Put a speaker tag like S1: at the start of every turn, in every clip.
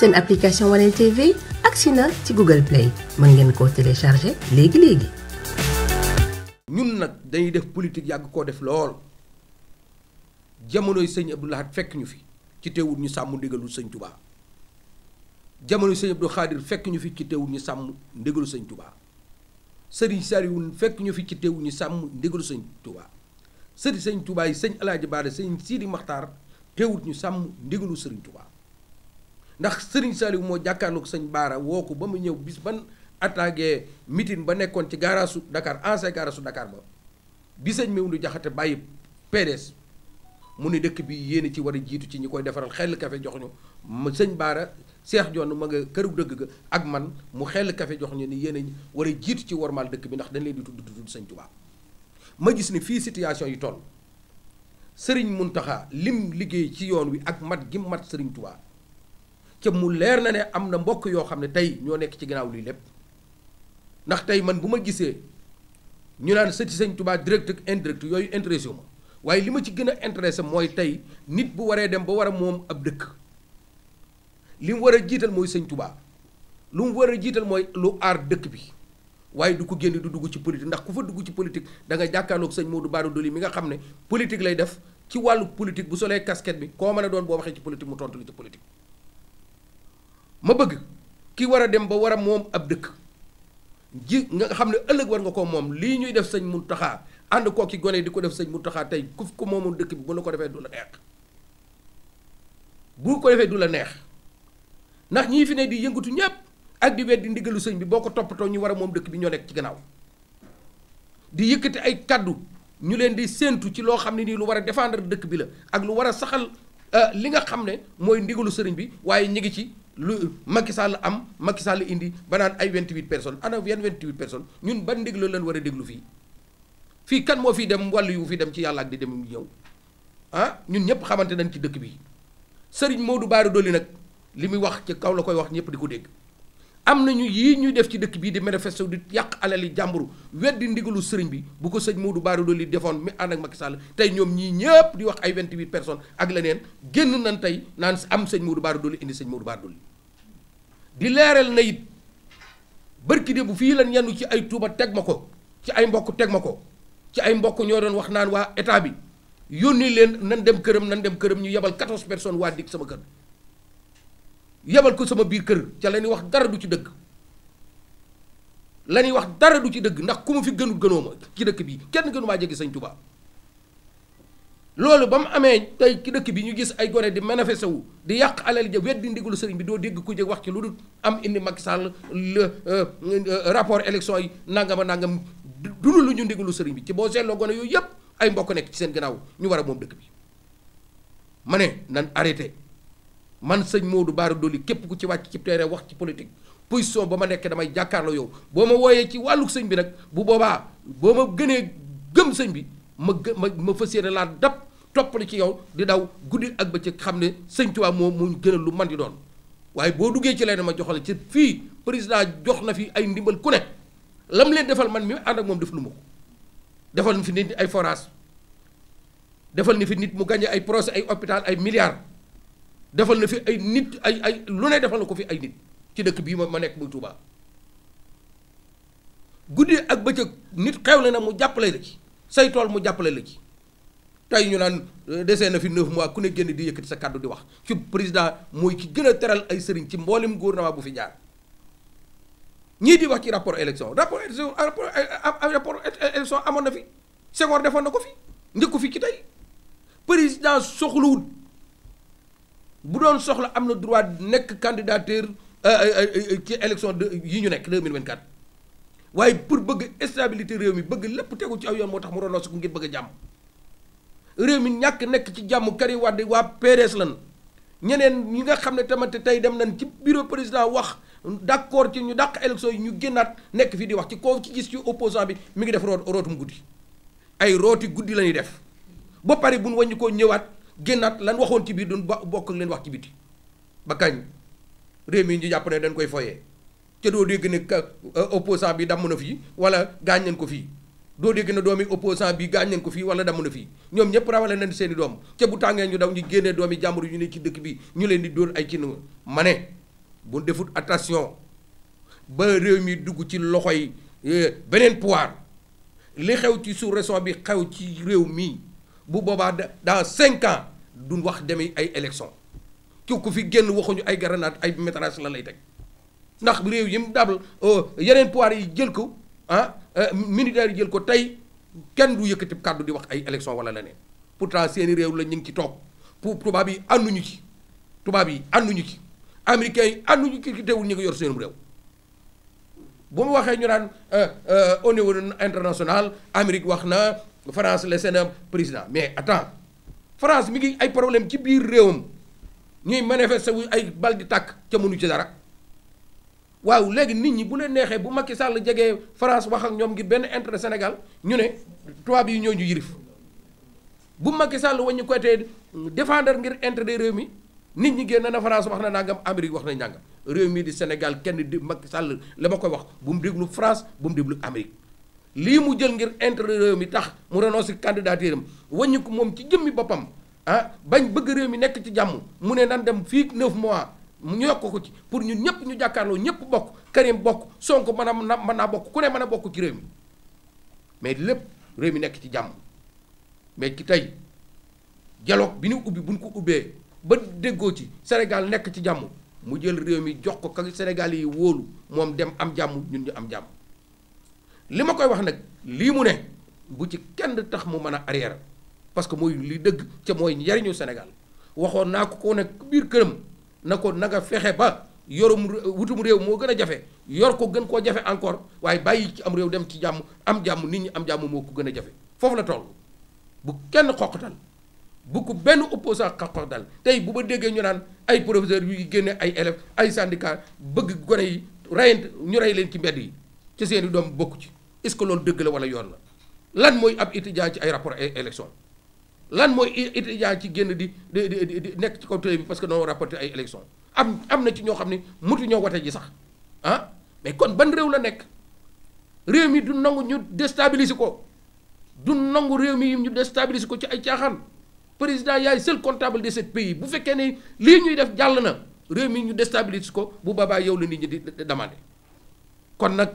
S1: seen application Wanel TV agsi na ci Google Play ma ngeen ko télécharger léegi léegi. ñun nag dañuy def politique yàgg koo def lool jamonoy sëñ Abdou Lahad fekk ñu fi ci teewul ñu sàmm ndigalu sëñ Touba jamonoy sëñ Abdou fekk ñu fi ci teewul sàmm ndigalu sëñ Touba sëriñ Sariwun fekk fi ci teewul sàmm ndigalu sëñ Touba sëriñ sëñ Touba yi sëñ El Hadj Baare sëñ Sidi Makhtar teewul ñu sàmm ndigalu sëriñ Touba. ndax Serigne Saliou moo jàkkaarloog sëñ Baara woo ko ba mu ñëw bis ban attaqué mitin ba nekkoon ci gaaraasu Dakar ancien gaaraasu Dakar ba bi sëñ Mawndo Jaxate bàyyi PDS mu ne dëkk bi yéen ci war a jiitu ci ñi koy defaral xel kafe jox ñu sëñ Baara Cheikh Dione ma nga këru dëgg ak man mu xel kafe jox ñu ni yéen a war a jiitu ci wormaal dëkk bi ndax dañ leen di tudd tudd sëñ Tuubaa ma gis ni fii situation yi sëriñ mun Mountakha lim liggéey ci yoon wi ak mat gi mat Serigne Touba. ca mu leer na ne am na mbokk yoo xam ne tey ñoo nekk ci ginnaaw lii lépp ndax tey man bu ma gisee ñu naan sëti sëñ Tuubaa direct ak indirect yooyu intéressé ma waaye li ma ci gën a intéressé mooy tey nit bu waree dem ba war a moom ab dëkk li mu war a jiital mooy sëñ Tuubaa lu mu war mooy lu aar dëkk bi waaye du ko génn du dugg ci politique ndax ku fa dugg ci politique da nga jàkkaarloog sëñ Modou Bara Dolly mi nga xam ne politique lay def ci wàllu politique bu solee casquette bi a doon boo waxee ci politique tontu la ma bëgg ki war a dem ba war a moom ab dëkk ji nga xam ne ëllëg war nga ko moom lii ñuy def sëñ Muntaxa ànd koo ki gone di ko def sëñ Muntaxa tey ku ko dëkk bi bu ko defee du la neex ko defee du la neex ndax ñii fi ne di yëngatu ñëpp ak di weddi ndigalu sëñ bi boo ko toppatoo ñu war a moom dëkk bi ñoo nekk ci gannaaw di yëkkati ay kàddu ñu leen di séentu ci loo xam ne nii lu war a défendre dëkk bi la ak lu war a saxal euh, li nga xam ne mooy ndigalu sëriñ bi waaye ñu ngi ci lu Macky Sall am Macky Sall indi ba naan ay 28 personnes ana yan 28 personnes ñun ban ndéglu leen war a déglu fii fii kan moo fi dem wàllu yu fi dem ci yàlla ak di dem ñëw ah ñun ñëpp xamante nañ ci dëkk bi Serigne Modou Bara Dolly nag li muy wax ci kaw la koy wax ñëpp di ko dégg. am nañu yii ñuy def ci dëkk bii di manifester di yàq alali jàmburu weddi ndigalu sëriñ bi bu ko sëñ Modou Bara Dolly defoon mi ànd ak Macky Sall tey ñoom ñii ñëpp di wax ay 28 personnes ak leneen génn nañ tey naan am sëñ Modou Bara Dolly indi sëñ Modou Bara Dolly di leeral na it barki de bu fii lan yenn ci ay tuuba teg ma ko ci ay mbokk teg ma ko ci ay mbokk ñoo doon wax naan waa état bi yónni leen nan dem këram nan dem këram ñu yebal 14 personnes waa dikk sama kër yebal ko sama biir kër ca la ñuy wax dara du ci dëgg la ñuy wax dara du ci dëgg ndax ku ma fi gënu gënoo ma ci dëkk bi kenn gënu maa jege sañ tubaab loolu ba mu amee tey ki dëkk bi ñu gis ay gore di manifesté wu di yàq alal ja weddi ndigalu sëriñ bi doo dégg ku jeg wax ci lu dul am indi mag Macky Sall euh, euh, rapport élection yi nangama nangam dunu lu ñu ndigalu sëriñ bi ci boo seetloo gone yooyu yëpp ay mbokk nekk ci seen gannaaw ñu war a moom dëkk bi ma ne nan arrêté man sëñ moo du Bara Dolly képp ku ci wàcc ci terrain wax ci politique position ba ma nekkee damay jàkkaarloo yow boo ma wooyee ci wàllu sëñ bi nag bu boobaa boo ma gënee gëm sëñ bi ma gë ma ma fas yéene laa dab toppali ci yow di daw guddi ak bëccëg xam ne sëñ moom mu moo gënal lu man di doon waaye boo duggee ci leen ma joxale ci fii président jox na fi ay ndimbal ku ne lam leen defal man mi ànd ak moom def lu ma ko defal na fi nit ay forage defal na fi nit mu gagné ay procès ay hôpital ay milliards defal na fi ay nit ay ay lu ne defal na ko fi ay nit ci dëkk bii ma ma nekk muy Touba guddi ak bëccëg nit xew la na mu jàppale la ci say tool mu jàppale la ci tey ñu naan euh, desee na fi neuf mois ku ne génn di yëkkati sa kàddu di wax ci président mooy ki gën a teral ay sëriñ ci mboolem gouvernement bu fi jaar ñii di wax ci rapport élection rapport élection rapport euh, euh, élection amoon na fi Senghor defoon na ko fi njëkku fi ci tey président soxlawut bu doon soxla am na droit nekk candidature ci élection de yi ñu nekk 2024 waaye pour bëgg stabilité réew mi bëgg lépp tegu ci aw yoon moo tax mu ronoo ku ko ngir bëgg a jàmm réew mi ñàkk nekk ci jàmm Karim Wade waa PDS lan ñeneen ñi nga xam ne tamit tey dem nañ ci bureau président wax d'accord ci ñu dàq élection yi ñu génnaat nekk fii di wax ci koo ci gis ci opposant bi mi ngi def root rootum guddi ay rooti guddi la ñuy def ba pare bu ñu wàññi koo ñëwaat génnaat lan waxoon ci biir duñ bokk leen wax ci biti ba kañ réew mi ñu jàpp ne dañ koy foyee ca doo dégg ne euh, opposant bi damm na fii wala gaañ nañ ko fii doo dégg ne doomi opposant bi gaañ ko fii wala damm na fii ñoom ñëpp rawale nañ seen i doom ca bu tàngee ñu daw ñu génnee doomi jàmbur ñu ne ci dëkk bi ñu leen di dóor ay ci ma ne bu defut attention ba réew mi dugg ci loxo yi euh, beneen pouvoir li xew ci sous reson bi xew ci réew mi bu boobaa dans cinq ans duñ wax demee ay élection ki ku fi génn waxuñu ay grenade ay métrage la lay teg ndax réew yi mu dabal oh, yeneen pouvoir yi jël ko ah eh, militaire yi jël ko tey kenn du yëkkati kàddu di wax ay élection wala leneen pourtant seeni réew la ñu ngi ci toog pour tubaab yi ànduñu ci tubaab yi ànduñu ci américains yi ànduñu ci teewul ñu ngi yor seenum réew bu mu waxee ñu naan eh, eh, au niveau international Amérique wax naa France la seen président mais attends France mi ngi ay problème ci biir réewam ñuy manifester wu ay bal di tàkk ca mënu ci dara. waaw léegi nit ñi bu leen neexee bu Macky Sall jegee France wax ak ñoom ngir benn intérêt Sénégal ñu ne tubaab yi ñoo ñu yirif bu Macky sàll wañu ko tee défendre ngir intérêt réew mi nit ñi génn na France wax na nangam Amérique wax na nangam réew mi di Sénégal kenn di Macky sàll la ma koy wax bu mu déglu France bu mu déglu Amérique lii mu jël ngir intérêt réew mi tax mu renoncé candidature am wañu ko moom ci jëmmi boppam ah bañ bëgg réew mi nekk ci jàmm mu ne nan dem fii 9 mois. mu ñu yokk ko ci pour ñun ñëpp ñu jàkkaarloo ñëpp bokk Karim bokk Sonko mën a mën naa bokk ku ne mën a bokk ci réew mi mais lépp réew mi nekk ci jàmm mais ci tey dialogue bi ñu ubbi buñ ko ubbee ba déggoo ci Sénégal nekk ci jàmm mu jël réew mi jox ko ka Sénégal yi wóolu moom dem am jàmm ñun ñu am jàmm li ma koy wax nag lii mu ne bu ci kenn tax mu mën a arrière parce que mooy li dëgg ca mooy njariñu Sénégal waxoon naa ko ko nag biir këram. na ko na nga fexe ba yorum wutum réew moo gën a jafe yor ko gën koo jafe encore waaye bàyyi ci am réew dem ci jàmm am jàmm nit ñi am jàmm moo ko gën a jafe foofu la toll bu kenn xoqatal bu ko benn opposant dal tey bu ma déggee ñu naan ay professeur yu génne ay élèves ay syndicat bëgg gone yi rayant ñu rey leen ci mbedd yi ci seen doom bokku ci est-ce que loolu dëgg la wala yoon la lan mooy ab étudiant ci ay rapport ay élection lan mooy étudiant ci génn di di di nekk ci kaw télé bi parce que noo rapporté ay élection am am na ci ñoo xam ne mutu ñoo wate ji sax ah mais kon ban réew la nekk réew mi du nangu ñu déstabiliser ko du nangu réew mi ñu déstabiliser ko ci ay caaxaan président yaay seul comptable de ce pays bu fekkee ne lii ñuy def jàll na réew mi ñu déstabiliser ko bu babaa yow la nit ñi di demandé kon nag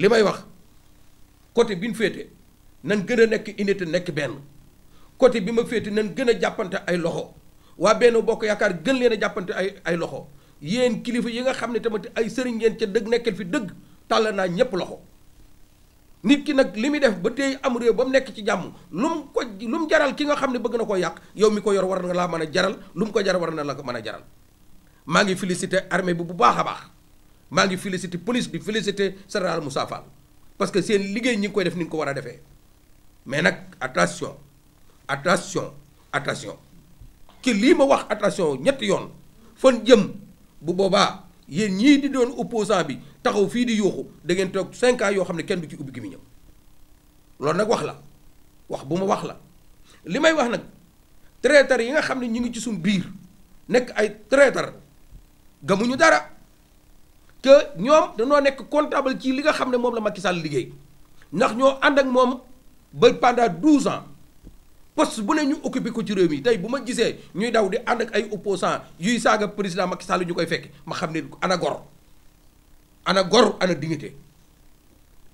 S1: li may wax côté bi ñu féete nan gën a nekk unité nekk benn côté bi ma féete nan gën a jàppante ay loxo waa benn Bokk Yaakaar gën leen a jàppante ay ay loxo yéen kilifa yi nga xam ne tamit ay sëriñ ngeen ca dëgg nekkal fi dëgg tàll naa ñépp loxo nit ki nag li muy def ba tey am réew ba mu nekk ci jàmm lu mu ko lu mu jaral ki nga xam ne bëgg na koo yàq yow mi ko yor war na laa mën a jaral lu mu ko jaral war na la ko mën a jaral maa ngi félicité armée bi bu baax a baax maa ngi félicité police bi félicité général Moussa Fall parce que seen liggéey ñi ngi koy def ni nga ko war a defee mais nag attention attention attention ci lii ma wax attention ñetti yoon fan jëm bu boobaa yéen ñii di doon opposant bi taxaw fii di yuuxu da ngeen toog 5 yoo xam ne kenn du ci ubbi gi mu ñëw loolu nag wax la wax bu ma wax la li may wax nag traître yi nga xam ne ñu ngi ci suñ biir nekk ay traître gamuñu dara que ñoom danoo nekk contable ci li nga xam ne moom la Macky Sall liggéey ndax ñoo ànd ak moom ba pendant 12 ans poste bu ne ñu occupé ko ci réew mi tey bu ma gisee ñuy daw di ànd ak ay opposants yuy saaga président Macky Sall ñu koy fekk ma xam ne ana gor ana gor ana dignité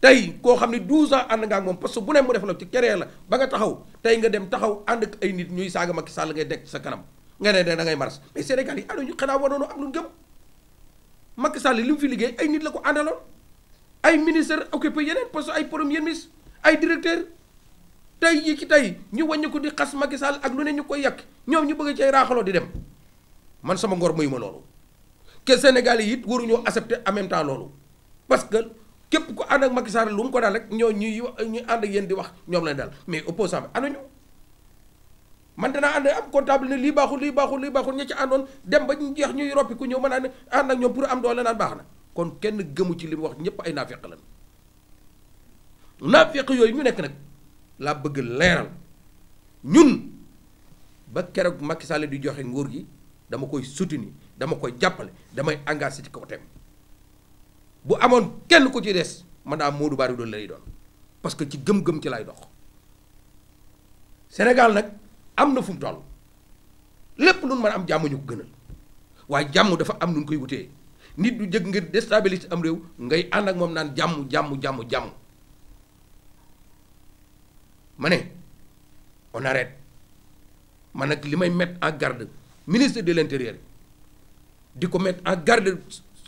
S1: tey koo xam ne 12 ans ànd nga ak moom poste bu ne mu def la ci keree la ba nga taxaw tey nga dem taxaw ànd ak ay nit ñuy saaga Macky Sall ngay deg sa kanam nga ne da ngay mars mais Sénégal yi ana ñu xanaa waroon am lu gëm Macky Sall li mu fi liggéey ay nit la ko àndaloon ay ministre occupé yeneen poste ay premier ministre ay directeur tey yi ki tey ñu wàññi ko di xas Macky ak lu ne ñu koy yàkk ñoom ñu bëgg cay raaxaloo di dem man sama ngor mayuma loolu que Sénégal yi it waruñoo accepter en même temps loolu parce que képp ku ànd ak Macky lu mu ko daal rek ñoo ñuy ñu ànd ak yéen di wax ñoom lañ daal mais opposant bi ànduñu man danaa ànd am comptable ne lii baaxul lii baaxul lii baaxul ña ci àndoon dem ba ñu jeex ñuy roppi ku mën a ne ànd ak ñoom pour am doole naan baax na kon kenn gëmu ci li mu wax ñëpp ay naafeq lan naafeq yooyu ñu nekk nag. laa bëgg leeral ñun ba keroog Macky Sall di joxe nguur gi dama koy soutenir dama koy jàppale damay engagé ci kaw tem bu amoon kenn ku ci des man daa Modou Bara Dolly lay doon parce que ci gëm-gëm ci lay dox Sénégal nag am na fu mu toll lépp lu mën am jàmm ñu ko gënal waaye jàmm dafa am nu koy wutee nit du jëg ngir destabilit am réew ngay ànd ak moom naan jàmm jàmm jàmm jàmm. ma ne on arrête nag li may mettre en garde ministre de l'intérieur di ko mettre en garde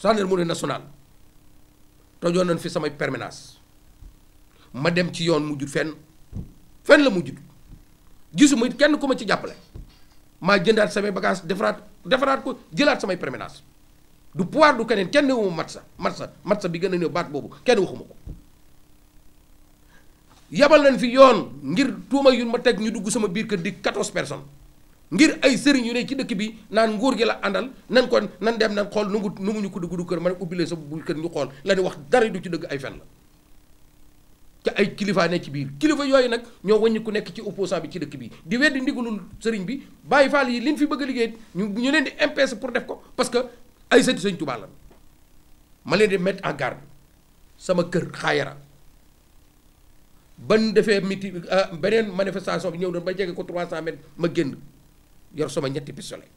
S1: gendarmerie nationale tojoon nañ fi samay permanence ma dem ci yoon mujjut fenn fenn la mujjut gisuma kenn ku ma ci jàppale maa jëndaat samay bagage defaraat defaraat ko jëlaat samay permanence du pouvoir du keneen kenn waxuma mat sa mat sa mat sa bi gën a néew baat boobu kenn waxuma ko yabal nañ fi yoon ngir tuuma yu ma teg ñu dugg sama biir kër di 14 personnes ngir ay sëriñ yu ne ci dëkk bi naan nguur gi la àndal nan ko nan dem nan xool nu ngu nu nguñu ko dugg du kër ma ne ubbi leen sa bu kër ñu xool la ñu wax dara du ci dëgg ay fen la te ay kilifaa ne ci biir kilifa yooyu nag ñoo wàññi ku nekk ci opposant bi ci dëkk bi di weddi ndigalul sëriñ bi bàyyi faal yi li liñ fi bëgg a liggéey ñu ñu leen di impêche pour def ko parce que ay sëti sëñ Tuubaa ma leen di mettre en garde sama kër xaayara ban defee miti ah, beneen manifestation bi ñëw doon ba jege ko 300 mètres ma génn yor sama ñetti pistolet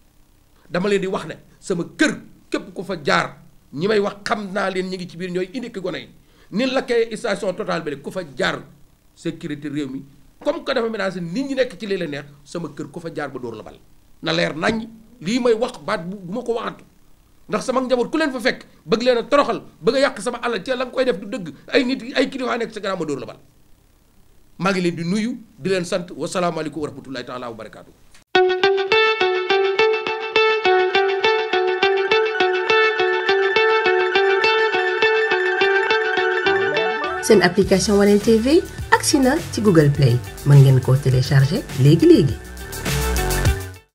S1: dama leen di wax ne sama kër képp ko fa jaar ñi may wax xam naa leen ñi ngi ci biir ñooy indi gone yi ni lakkee bi rek ku fa jaar sécurité réew mi comme que dafa menacé nit ñi nekk ci lii la neex sama kër ku fa jaar ba dóor la bal na leer nañ lii may wax baat bu du ma ko waxatu ndax sama njaboot ku leen fa fekk bëgg leen a toroxal bëgg a yàq sama alal ci la nga koy def du dëgg ay nit ay kilifa nekk sa gannaaw ma dóor bal maa ngi leen di nuyu di leen sant wasalaamaaleykum wa rahmatullahi taala wa barakaatu. seen application Wanel TV agsi na ci Google Play mën ngeen ko télécharger léegi léegi